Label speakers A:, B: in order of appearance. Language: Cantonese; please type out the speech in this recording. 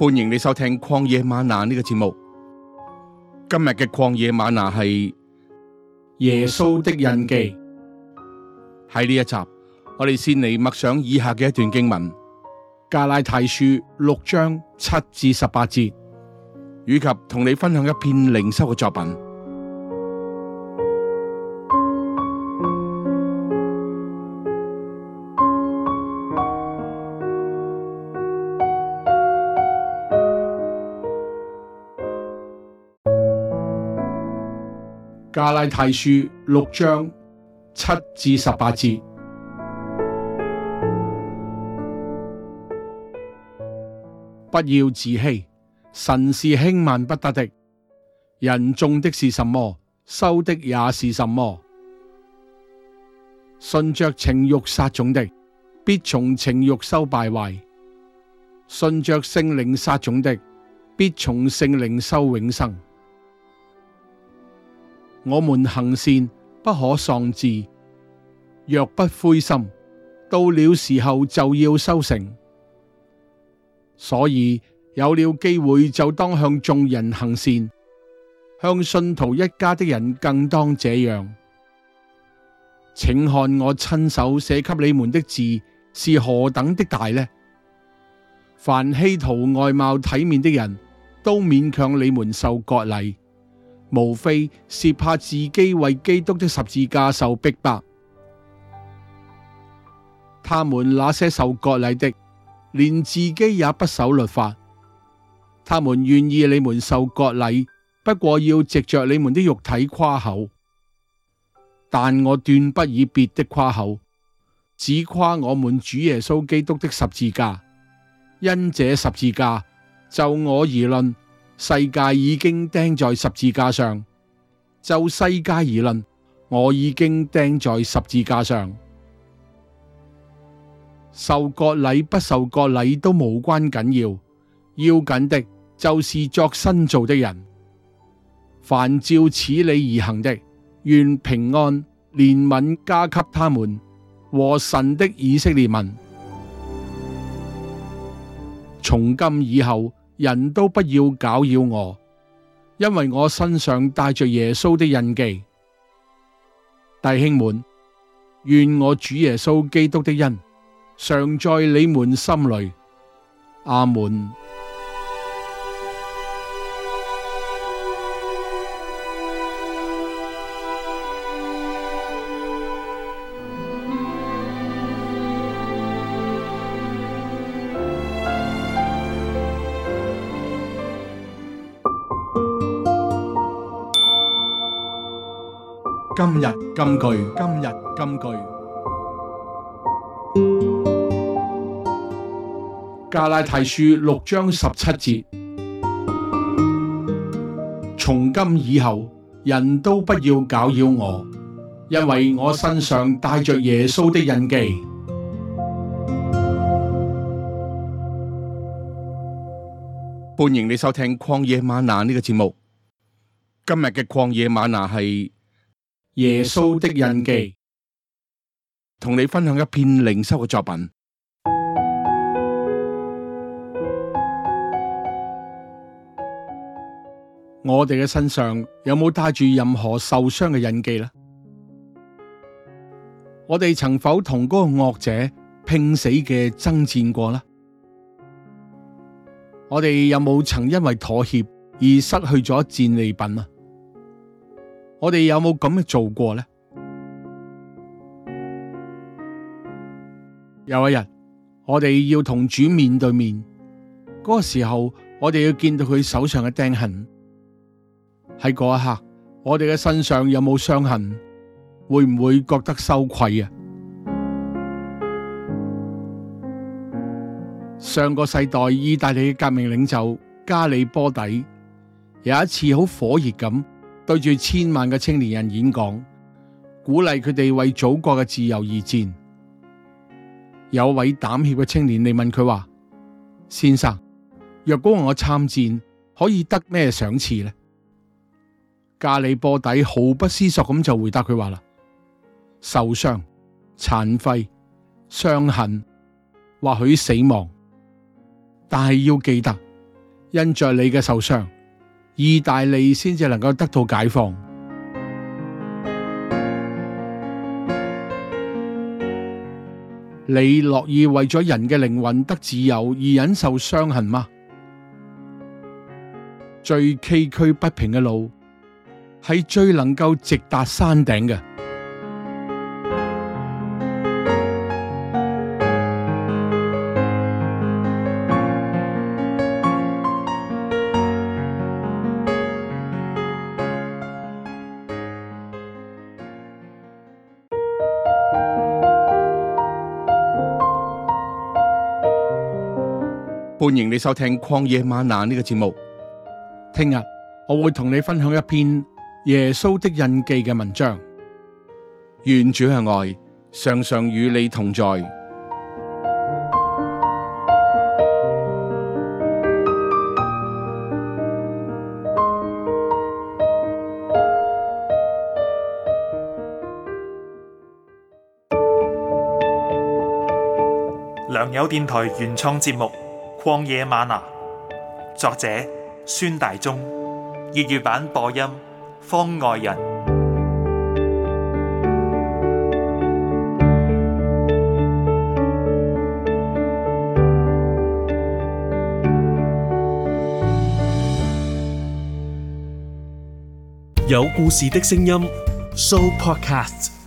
A: 歡迎你收聽曠野嗎哪呢、這個節目。今日嘅曠野嗎哪係耶穌的印記，喺呢一集，我哋先嚟默想以下嘅一段經文：加拉太書六章七至十八節，以及同你分享一篇靈修嘅作品。加拉太書六章七至十八節， 不要自欺，神是輕慢不得的。人種的是什麼，收的也是什麼。順著情欲撒種的，必從情欲收敗壞；順著聖靈撒種的，必從聖靈收永生。我們行善不可喪志，若不灰心，到了時候就要收成。所以有了機會就當向眾人行善，向信徒一家的人更當這樣。請看我親手寫給你們的字是何等的大呢？凡希圖外貌體面的人都勉強你們受割禮。無非是怕自己為基督的十字架受逼迫。他們那些受割禮的，連自己也不守律法。他們願意你們受割禮，不過要藉着你們的肉體誇口。但我斷不以別的誇口，只誇我們主耶穌基督的十字架。因這十字架，就我而論，世界已經釘在十字架上，就世界而論，我已經釘在十字架上。受割禮不受割禮都無關緊要，要緊的就是作新造的人。凡照此理而行的，願平安憐憫加給他們和神的以色列民。從今以後。人都不要攪擾我，因為我身上帶着耶穌的印記。弟兄們，願我主耶穌基督的恩常在你們心裏。阿門。今日金句，今日金句，加拉太書六章十七節，從今以後，人都不要攪擾我，因為我身上帶着耶穌的印記。歡迎你收聽曠野嗎哪呢個節目，今日嘅曠野嗎哪係。耶穌的印記，同你分享一篇靈修嘅作品。我哋嘅身上有冇帶住任何受傷嘅印記呢？我哋曾否同嗰個惡者拼死嘅爭戰過呢？我哋有冇曾因為妥協而失去咗戰利品啊？我哋有冇咁樣做過呢？有一日，我哋要同主面對面，嗰個時候，我哋要見到佢手上嘅釘痕。喺嗰一刻，我哋嘅身上有冇傷痕，會唔會覺得羞愧啊？上個世代意大利嘅革命領袖加里波底，有一次好火熱咁。對住千萬嘅青年人演講，鼓勵佢哋為祖國嘅自由而戰。有位膽怯嘅青年你問佢話：先生，若果我參戰，可以得咩賞賜呢？加里波底毫不思索咁就回答佢話啦：受傷、殘廢、傷痕，或許死亡，但係要記得，因着你嘅受傷，意大利先至能夠得到解放。你樂意為咗人嘅靈魂得自由而忍受傷痕嗎？最崎嶇不平嘅路，係最能夠直達山頂嘅。歡迎你收聽曠野嗎哪呢個節目。聽日我會同你分享一篇耶穌的印記嘅文章。願主嘅愛常常與你同在。良友電台原創節目。曠野嗎哪，作者孫大中，粵語版播音方外人，有故事的聲音 show podcast。